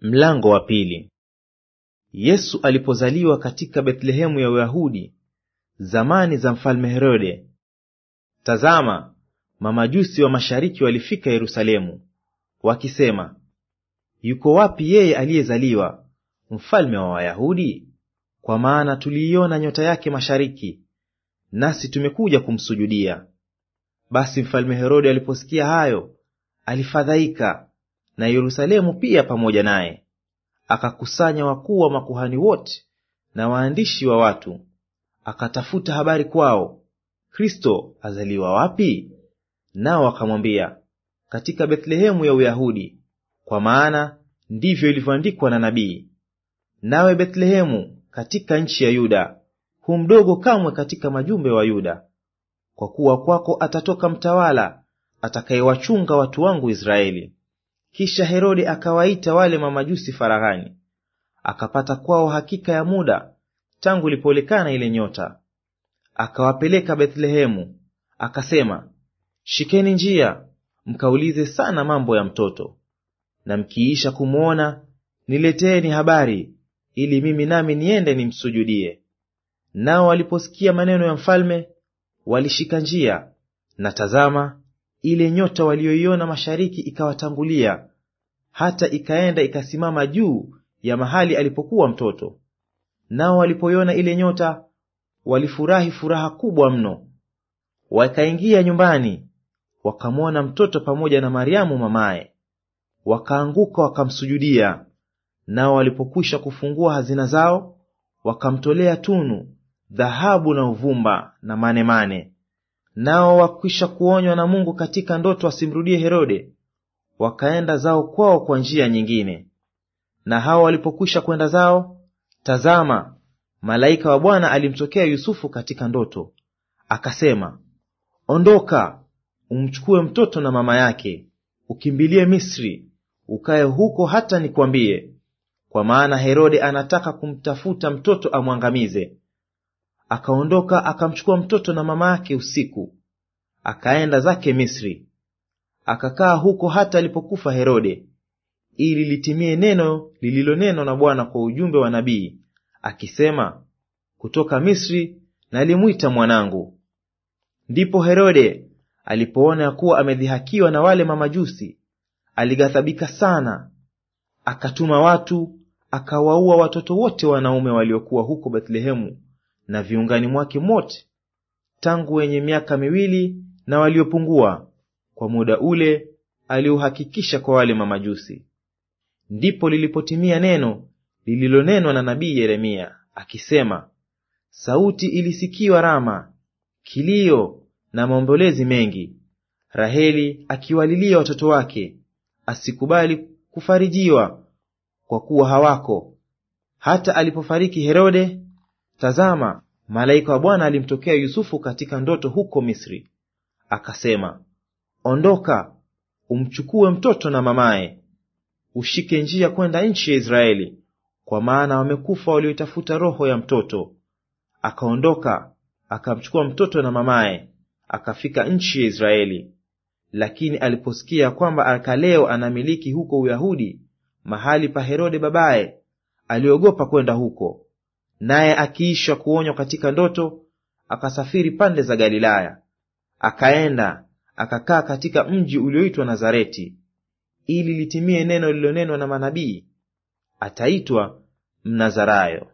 Mlango wa pili. Yesu alipozaliwa katika Bethlehemu ya Uyahudi zamani za mfalme Herode, tazama, mamajusi wa mashariki walifika Yerusalemu wakisema, yuko wapi yeye aliyezaliwa mfalme wa Wayahudi? Kwa maana tuliiona nyota yake mashariki, nasi tumekuja kumsujudia. Basi mfalme Herode aliposikia hayo alifadhaika, na Yerusalemu pia pamoja naye. Akakusanya wakuu wa makuhani wote na waandishi wa watu, akatafuta habari kwao, Kristo azaliwa wapi? Nao akamwambia, katika Bethlehemu ya Uyahudi, kwa maana ndivyo ilivyoandikwa na nabii, nawe Bethlehemu katika nchi ya Yuda hu mdogo kamwe katika majumbe wa Yuda, kwa kuwa kwako atatoka mtawala atakayewachunga watu wangu Israeli. Kisha Herode akawaita wale mamajusi faraghani, akapata kwao hakika ya muda tangu ilipoonekana ile nyota. Akawapeleka Bethlehemu, akasema, shikeni njia mkaulize sana mambo ya mtoto, na mkiisha kumwona nileteeni habari, ili mimi nami niende nimsujudie. Nao waliposikia maneno ya mfalme walishika njia, na tazama, ile nyota walioiona mashariki ikawatangulia hata ikaenda ikasimama juu ya mahali alipokuwa mtoto. Nao walipoiona ile nyota walifurahi furaha kubwa mno. Wakaingia nyumbani, wakamwona mtoto pamoja na Mariamu mamaye, wakaanguka wakamsujudia. Nao walipokwisha kufungua hazina zao, wakamtolea tunu, dhahabu na uvumba na manemane mane nao wakwisha kuonywa na Mungu katika ndoto asimrudie Herode, wakaenda zao kwao kwa njia nyingine. Na hao walipokwisha kwenda zao, tazama, malaika wa Bwana alimtokea Yusufu katika ndoto, akasema, Ondoka, umchukue mtoto na mama yake, ukimbilie Misri, ukae huko hata nikwambie, kwa maana Herode anataka kumtafuta mtoto amwangamize akaondoka akamchukua mtoto na mama yake usiku, akaenda zake Misri, akakaa huko hata alipokufa Herode, ili litimie neno lililonenwa na Bwana kwa ujumbe wa nabii akisema, kutoka Misri nalimwita mwanangu. Ndipo Herode alipoona ya kuwa amedhihakiwa na wale mamajusi, alighadhabika sana, akatuma watu akawaua watoto wote wanaume waliokuwa huko Bethlehemu na viungani mwake mote, tangu wenye miaka miwili na waliopungua, kwa muda ule aliohakikisha kwa wale mamajusi. Ndipo lilipotimia neno lililonenwa na nabii Yeremia akisema, sauti ilisikiwa Rama, kilio na maombolezi mengi, Raheli akiwalilia watoto wake, asikubali kufarijiwa, kwa kuwa hawako. Hata alipofariki Herode Tazama, malaika wa Bwana alimtokea Yusufu katika ndoto huko Misri, akasema, ondoka umchukue mtoto na mamaye, ushike njia kwenda nchi ya Israeli, kwa maana wamekufa walioitafuta roho ya mtoto. Akaondoka akamchukua mtoto na mamaye, akafika nchi ya Israeli. Lakini aliposikia kwamba Arkaleo anamiliki huko Uyahudi mahali pa Herode babaye, aliogopa kwenda huko. Naye akiisha kuonywa katika ndoto, akasafiri pande za Galilaya, akaenda akakaa katika mji ulioitwa Nazareti, ili litimie neno lililonenwa na manabii, ataitwa Mnazarayo.